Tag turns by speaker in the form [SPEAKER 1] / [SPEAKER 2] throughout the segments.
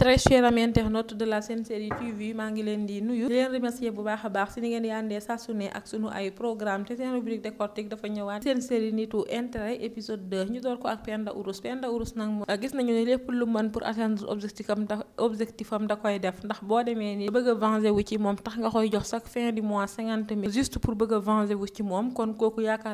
[SPEAKER 1] très chers amis internautes de la Sen Série TV maa ngi leen di nuyu leen remercier bu baax a baax si ni ngeen yàndee saa su ne ak sunu ay programme te seen rubrique décortique dafa ñëwaat seen série nitu intérêt épisode 2 ñu door ko ak Penda Ourous Penda Ourous nag moom gis nañu ne lépp lu mën pour atteindre objectif koy def ndax boo demee ni bëgg a wu ci moom tax nga koy jox chaque fin du mois cinquante mille juste pour bëgg a venger wu ci moom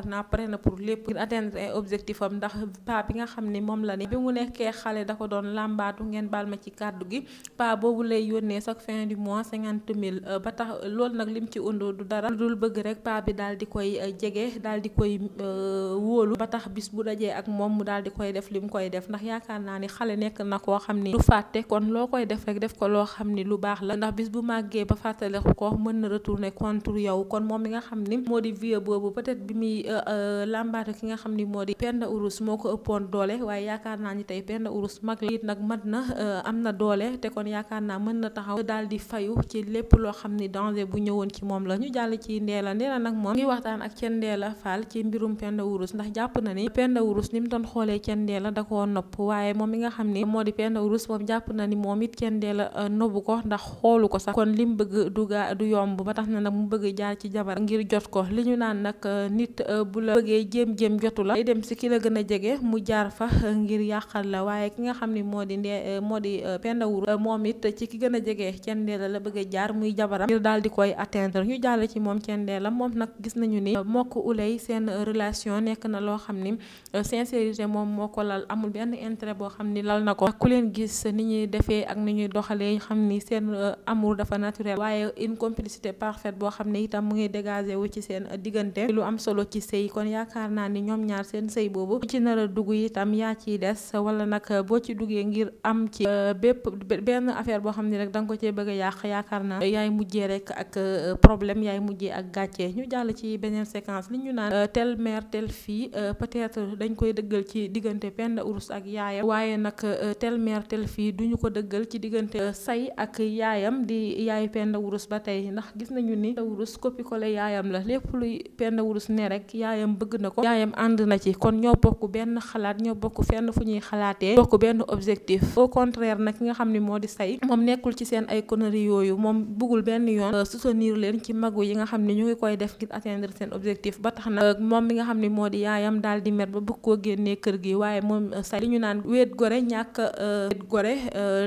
[SPEAKER 1] na pour lépp ngir atteindre ay objectif am ndax paa bi nga xam ni moom la ne bi mu nekkee xale da ko doon làmbaatu ngeen baal ma ci kàddu kàddu gi pa boobu lay yónnee chaque fin du mois cinquante mille euh, ba tax loolu nag lim ci undoo du dara dul bëgg rek pa bi daal di koy euh, jege daal di koy euh, wóolu ba tax bis bu dajee ak moom mu daal di koy def lim koy def ndax yaakaar naa ni xale nekk na koo xam ni du fàtte kon loo koy def rek def ko loo xam ni lu baax la ndax bis bu màggee ba fàttaliku ko mën na retourner contre yow kon moom mi nga xam ni moo di vieux boobu peut-être bi muy làmbaatu ki nga xam ni moo di Penda Urus moo ko ëppoon doole waaye na doole te kon yaakaar naa mën na taxaw daal di fayu ci lépp loo xam ni danger bu ñëwoon ci moom la ñu jàll ci Ndella la nag moom ngi waxtaan ak Ceen Ndella Fall ci mbirum Penda Wurus ndax jàpp na ni Penda Wurus ni mu doon xoolee Ceen Ndella da koo nopp waaye moom mi nga xam ni moo di Penda Wurus moom jàpp na ni moom it Ceen Ndella euh, nobbu ko ndax xoolu ko sax kon li mu bëgg du gaa yomb ba tax na nag mu bëgg jaar ci jabar ngir jot ko li ñu naan nag euh, nit euh, bu la bëggee jéem-jéem jotu la day dem si ki la gën a jege mu jaar fa ngir yàqal la waaye ki nga xam ni moo di benn wuru euh, moom it ci ki gën a jege cendeela la bëgg a jaar muy jabaram ngir daal di koy atteindre ñu jàll ci moom cendeela moom nag gis nañu ni mokk ulay seen euh, relation nekk na loo xam ni euh, moom moo ko lal amul benn intérêt boo xam ni lal na ko ku leen gis ni ñuy defee ak ni ñuy doxalee xam ni seen amour dafa naturel waaye une complicité parfaite boo xam ne itam mu ngi wu ci diggante lu am solo ci sëy kon yaakaar naa ni ñoom ñaar seen sëy boobu ci nar a dugg itam yaa ciy des wala nag boo ci duggee ngir am ci bépp lépp benn affaire boo xam ni rek da nga ko cee bëgg a yàq yaakaar naa yaay mujjee rek ak euh, problème yaay mujjee ak gàccee ñu jàll ci beneen séquence li ñu naan euh, tel mère tel fille euh, peut-être dañ koy dëggal ci diggante Penda Ourse ak yaayam waaye nag tel mère tel fille duñu ko dëggal ci diggante say ak yaayam di yaay Penda Ourse ba tey ndax gis nañu ni Ourse copier-coller yaayam la lépp luy Penda Ourse ne rek yaayam bëgg na ko yaayam ànd na ci kon ñoo bokk benn xalaat ñoo bokk fenn fu ñuy xalaatee bokk benn objectif xam ne moo di say moom nekkul ci seen ay conneries yooyu moom bëggul benn yoon euh, soutenir leen ci magu yi nga xam ne ñu ngi koy def ngir atteindre seen objectif ba tax na euh, moom mi nga xam ne moo di yaayam daal di mer ba bëgg koo génnee kër gi waaye moom euh, say li ñu naan wéet gore ñàkk wéet gore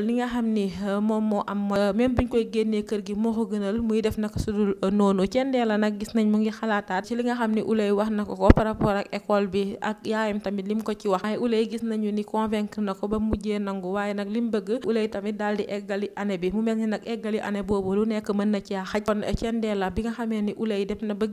[SPEAKER 1] li nga xam ni moom moo am même buñ koy génnee kër gi moo ko gënal muy def naka sudul noonu cendee la nag gis nañ mu ngi xalaataat ci li nga xam ni ulay wax na ko ko par rapport ak école bi ak yaayam tamit lim ko ci wax waaye ulay gis nañu ni convaincre na ko ba mujjee nangu waaye nag lim bëgg lay tamit daal di na caa xaj kon Thiendella na ba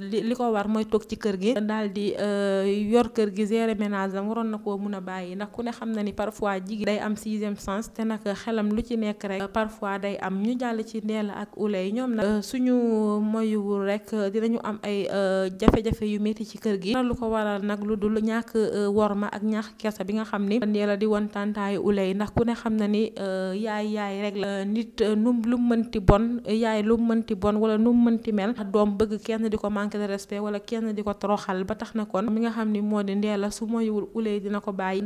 [SPEAKER 1] li ko mooy toog ci kër gi daal di euh, yor kër gi gérer ménage waroon na koo mun a bàyyi ndax ku ne xam na ni parfois jigéen day am sixième sens te nag xelam lu ci nekk rek parfois day am ñu jàll ci Ndella ak Ulay ñoom nag euh, suñu moyuwul rek dinañu am ay euh, jafe-jafe yu métti ci kër gi lu ko waral nag lu dul ñàkk worma ak ñàkk kersa bi nga xam ni Ndella di won Ulay ndax ku ne xam na ni ni euh, yaay yaay rek la nit euh, nu lu mu mënti bon euh, yaay lu mu mënti bon wala nu mënti mel doom bëgg kenn di ko manqué de respect wala kenn di ko toroxal ba tax na kon mi nga xam ni moo di ndee la su moyul ulee dina ko bàyyi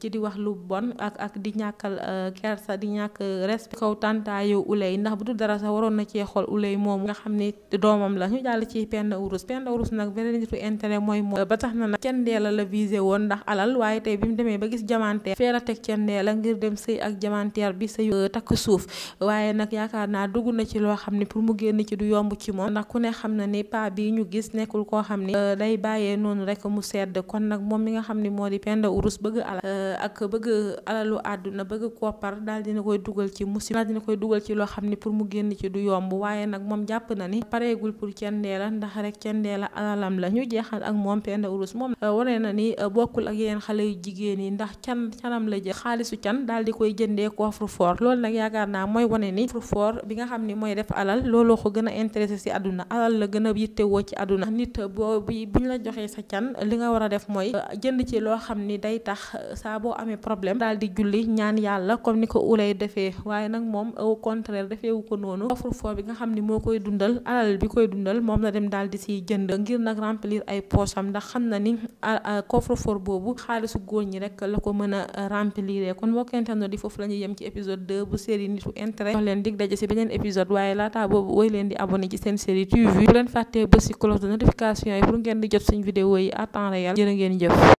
[SPEAKER 1] ci di wax lu bon ak ak di ñàkkal kersa di ñàkk respect kaw tàntaayu uley ndax bu dul dara sax waroon na cee xool uley moom nga xam ni doomam la ñu jàll ci Penda Urus Penda Urus nag beneen nitu intérêt mooy moom ba tax na nag Thiendella la visé woon ndax alal waaye tey bi demee ba gis jamante fee la teg Thiendella ngir ngir dem sëy ak jamanteer bi sëy takk suuf waaye nag yaakaar naa dugg na ci loo xam ne pour mu génn ci du yomb ci moom ndax ku ne xam na ni pa bi ñu gis nekkul koo xam ni euh, day bàyyee noonu rek mu sedd kon nag moom mi nga xam ni moo di Penda Urus bëgg euh, ak bëgg alalu àdduna bëgg koppar daal dina koy dugal ci musiba daal dina koy dugal ci loo xam ni pour mu génn ci du yomb waaye nag moom jàpp na ni pareegul pour cendeela ndax rek cendeela alalam la ñu jeexal ak moom Penda Urus moom euh, wane na ni bokkul ak yeneen xale yu jigéen yi ndax can canam la xaalisu can alal daal di koy jëndee coffre-fort loolu nag yaakaar naa mooy wane ni coffre-fort bi nga xam ni mooy def alal looloo ko gën a intéressé si àdduna alal la gën a yittewoo ci àdduna nit boo bi buñ la joxee sa can li nga war a def mooy euh, jënd ci loo xam ni day tax euh, saa boo amee problème daal di julli ñaan yàlla comme ni ko ulay defee waaye nag moom au contraire wu ko noonu coffre-fort bi nga xam ni moo koy dundal alal bi koy dundal moom la dem daal di siy jënd ngir nag remplir ay poche am ndax xam na ni coffre-fort boobu xaalisu góor ñi rek la ko mën a euh, remplir mbokk internet yi foofu la yem ci épisode 2 bu série nitu intérêt wax leen dig daje beneen épisode waaye laata boobu woy leen di abonné ci seen série TV bu leen fàttee ba si de notification yi pour ngeen di jot suñ vidéo yi à temps réel ngeen jëf